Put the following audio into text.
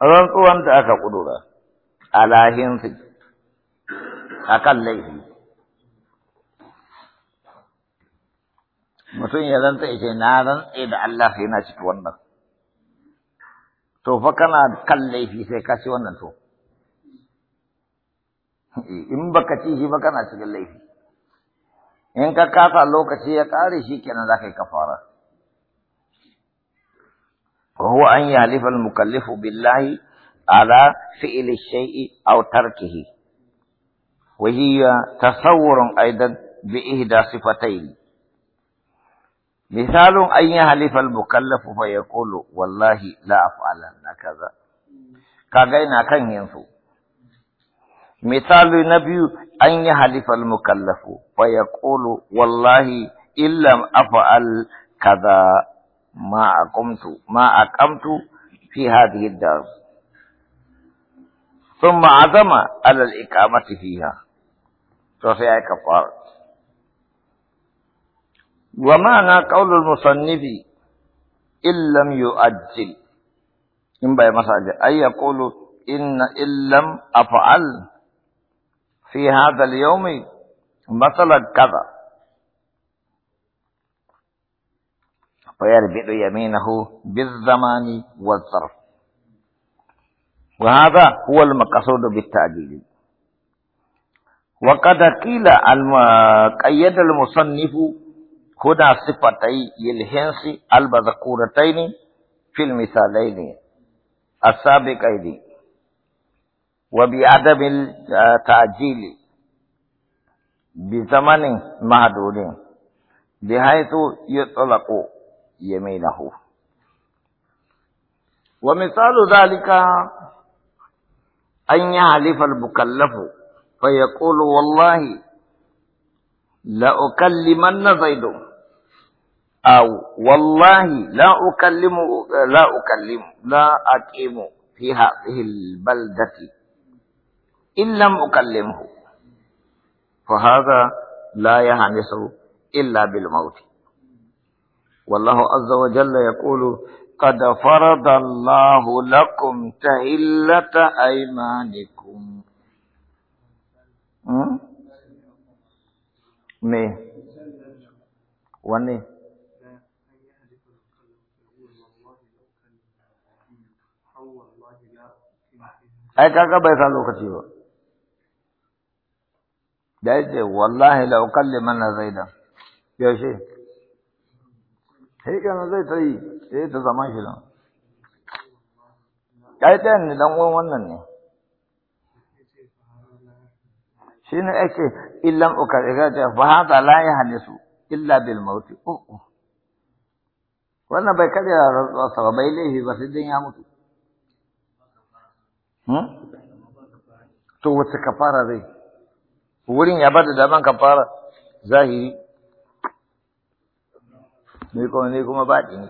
rantsuwan da aka kudura alahin su akan laifi mutum ya zanta ya ce na rantsa da Allah sai na ciki wannan to fa kana kan laifi sai ka ci wannan to eh, in baka ci shi ba kana cikin laifi in ka kasa lokaci ya kare shi kenan za ka yi kafara وهو أن يحلف المكلف بالله على فعل الشيء أو تركه وهي تصور أيضا بإهدى صفتين مثال أن يحلف المكلف فيقول والله لا أفعلن كذا كاغينا كان ينفو مثال نبي أن يحلف المكلف فيقول والله إن لم أفعل كذا ما أقمت ما أقمت في هذه الدار ثم عزم على الإقامة فيها توسيع آية كفارة ومعنى قول المصنف إن لم يؤجل إن بأي مساجة أي يقول إن إن لم أفعل في هذا اليوم مثلا كذا ويربط يمينه بالزمان والظرف وهذا هو المقصود بالتعديل وقد قيل قيد المصنف هنا صفتي الهنس المذكورتين في المثالين السابقين وبعدم التعجيل بزمن معدود بحيث يطلق يمينه ومثال ذلك أن يحلف المكلف فيقول والله لأكلمن زيد أو والله لا أكلم لا أكلم لا أقيم في هذه البلدة إن لم أكلمه فهذا لا يهنس إلا بالموت والله عز وجل يقول قد فرض الله لكم تهلة أيمانكم مي وني أي كاكا بيسا لو كتيبا جايزي والله لو كلمنا زيدا يا شيخ sai kenan zai ta yi sai ta zama shi nan ai ɗayan ne dan uwan wannan ne shi ne ake illan ukariga ta fa hada la ya hanisu illa bil mauti wannan bai karya rantsuwarsa ba bai laifi ba sai dan ya mutu hmm? to wace kafara zai wurin ya ba bada daman kafara zahiri ni kuma ni kuma baɗi ne